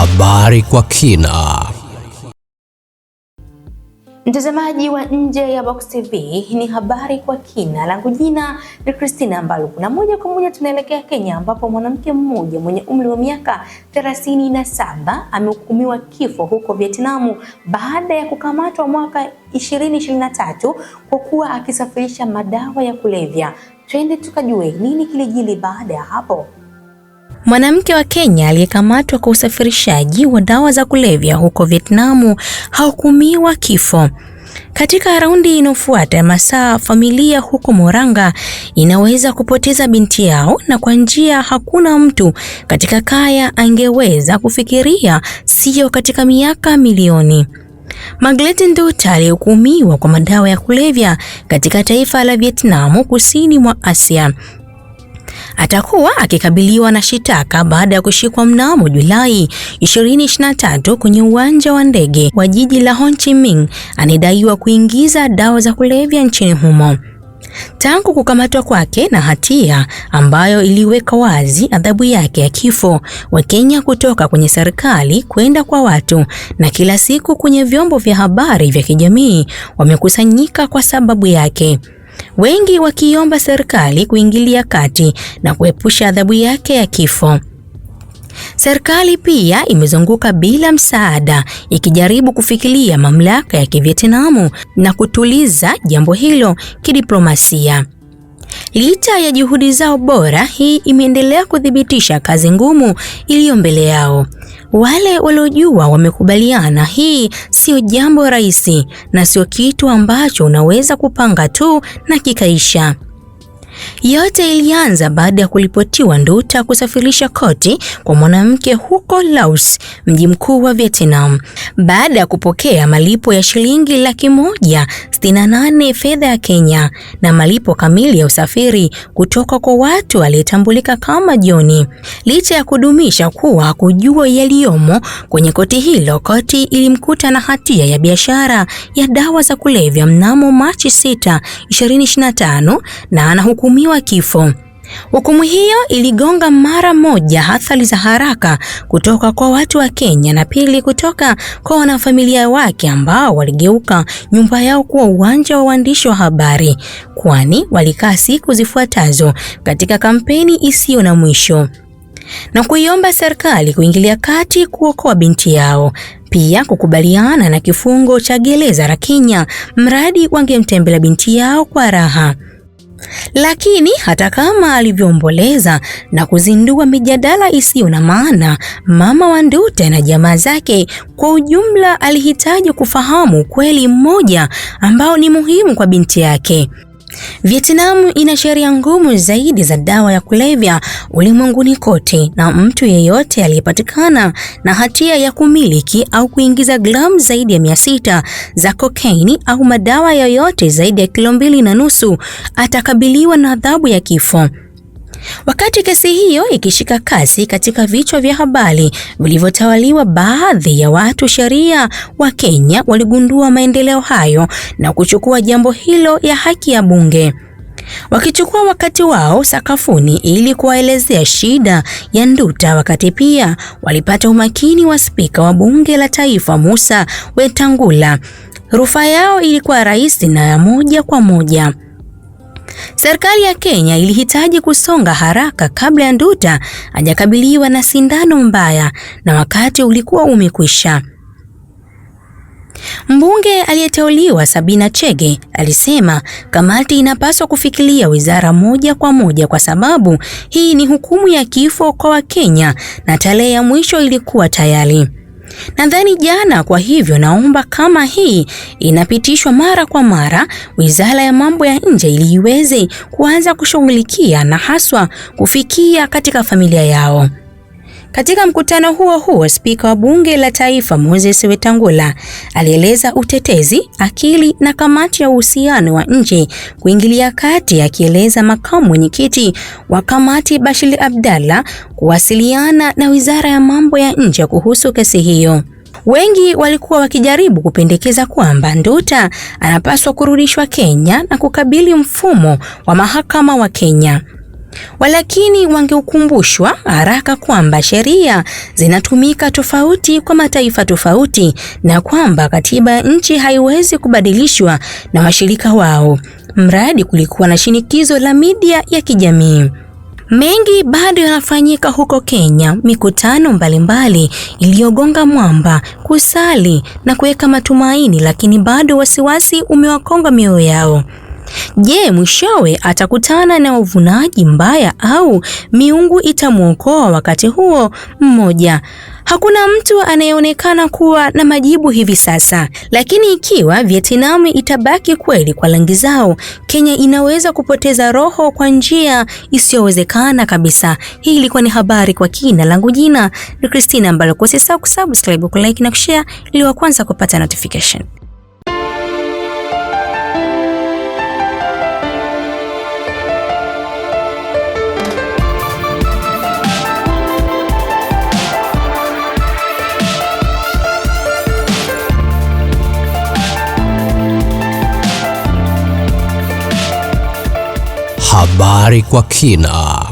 Habari kwa kina. Mtazamaji wa Nje ya Box TV, ni habari kwa kina. Langu jina ni Christina Mbaluku, na moja kwa moja tunaelekea Kenya ambapo mwanamke mmoja mwenye umri wa miaka 37 amehukumiwa kifo huko Vietnamu baada ya kukamatwa mwaka 2023 kwa kuwa akisafirisha madawa ya kulevya. Twende tukajue nini kilijili baada ya hapo. Mwanamke wa Kenya aliyekamatwa kwa usafirishaji wa dawa za kulevya huko Vietnamu hahukumiwa kifo. Katika raundi inayofuata ya masaa, familia huko Moranga inaweza kupoteza binti yao, na kwa njia hakuna mtu katika kaya angeweza kufikiria, sio katika miaka milioni. Margaret Nduta aliyehukumiwa kwa madawa ya kulevya katika taifa la Vietnamu kusini mwa Asia atakuwa akikabiliwa na shitaka baada ya kushikwa mnamo Julai 2023 kwenye uwanja wa ndege wa jiji la Ho Chi Minh, anayedaiwa kuingiza dawa za kulevya nchini humo. Tangu kukamatwa kwake na hatia ambayo iliweka wazi adhabu yake ya kifo, Wakenya kutoka kwenye serikali kwenda kwa watu na kila siku kwenye vyombo vya habari vya kijamii wamekusanyika kwa sababu yake wengi wakiomba serikali kuingilia kati na kuepusha adhabu yake ya kifo. Serikali pia imezunguka bila msaada ikijaribu kufikilia mamlaka ya Kivietnamu na kutuliza jambo hilo kidiplomasia. Licha ya juhudi zao bora, hii imeendelea kuthibitisha kazi ngumu iliyo mbele yao. Wale waliojua wamekubaliana, hii sio jambo rahisi na sio kitu ambacho unaweza kupanga tu na kikaisha. Yote ilianza baada ya kuripotiwa Nduta kusafirisha koti kwa mwanamke huko Laos, mji mkuu wa Vietnam, baada ya kupokea malipo ya shilingi laki moja sitini na nane fedha ya Kenya na malipo kamili ya usafiri kutoka kwa watu aliyetambulika kama joni Licha ya kudumisha kuwa kujua yaliyomo kwenye koti hilo, koti ilimkuta na hatia ya biashara ya dawa za kulevya mnamo Machi 6, 2025 na anahukumu kuhukumiwa kifo. Hukumu hiyo iligonga mara moja athari za haraka kutoka kwa watu wa Kenya na pili kutoka kwa wanafamilia wake ambao waligeuka nyumba yao kuwa uwanja wa waandishi wa habari, kwani walikaa siku zifuatazo katika kampeni isiyo na mwisho na kuiomba serikali kuingilia kati kuokoa binti yao, pia kukubaliana na kifungo cha gereza la Kenya mradi wangemtembelea binti yao kwa raha. Lakini hata kama alivyoomboleza na kuzindua mijadala isiyo na maana, mama wa Nduta na jamaa zake kwa ujumla alihitaji kufahamu ukweli mmoja ambao ni muhimu kwa binti yake. Vietnam ina sheria ngumu zaidi za dawa ya kulevya ulimwenguni kote, na mtu yeyote aliyepatikana na hatia ya kumiliki au kuingiza gramu zaidi ya mia sita za kokaini au madawa yoyote zaidi ya kilo mbili na nusu atakabiliwa na adhabu ya kifo. Wakati kesi hiyo ikishika kasi katika vichwa vya habari vilivyotawaliwa, baadhi ya watu sheria wa Kenya waligundua maendeleo hayo na kuchukua jambo hilo ya haki ya bunge wakichukua wakati wao sakafuni ili kuwaelezea shida ya Nduta. Wakati pia walipata umakini wa spika wa bunge la taifa Musa Wetangula. Rufaa yao ilikuwa rais na ya moja kwa moja. Serikali ya Kenya ilihitaji kusonga haraka kabla ya Nduta hajakabiliwa na sindano mbaya na wakati ulikuwa umekwisha. Mbunge aliyeteuliwa Sabina Chege alisema kamati inapaswa kufikilia wizara moja kwa moja kwa sababu hii ni hukumu ya kifo kwa Wakenya na tarehe ya mwisho ilikuwa tayari. Nadhani jana. Kwa hivyo naomba kama hii inapitishwa mara kwa mara, Wizara ya Mambo ya Nje ili iweze kuanza kushughulikia na haswa kufikia katika familia yao. Katika mkutano huo huo, spika wa bunge la taifa Moses Wetangula alieleza utetezi, akili na kamati ya uhusiano wa nje kuingilia kati, akieleza makamu mwenyekiti wa kamati Bashili Abdalla kuwasiliana na wizara ya mambo ya nje kuhusu kesi hiyo. Wengi walikuwa wakijaribu kupendekeza kwamba Nduta anapaswa kurudishwa Kenya na kukabili mfumo wa mahakama wa Kenya. Walakini wangeukumbushwa haraka kwamba sheria zinatumika tofauti kwa mataifa tofauti na kwamba katiba ya nchi haiwezi kubadilishwa na washirika wao, mradi kulikuwa na shinikizo la midia ya kijamii. Mengi bado yanafanyika huko Kenya, mikutano mbalimbali iliyogonga mwamba, kusali na kuweka matumaini, lakini bado wasiwasi umewakonga mioyo yao. Je, mwishowe atakutana na uvunaji mbaya au miungu itamwokoa wakati huo mmoja? Hakuna mtu anayeonekana kuwa na majibu hivi sasa, lakini ikiwa Vietnam itabaki kweli kwa rangi zao, Kenya inaweza kupoteza roho kwa njia isiyowezekana kabisa. Hii ilikuwa ni habari kwa kina. Langu jina ni Christina Mbalo, kusisahau kusubscribe, kulike na kushare ili wa kwanza kupata notification. habari kwa kina.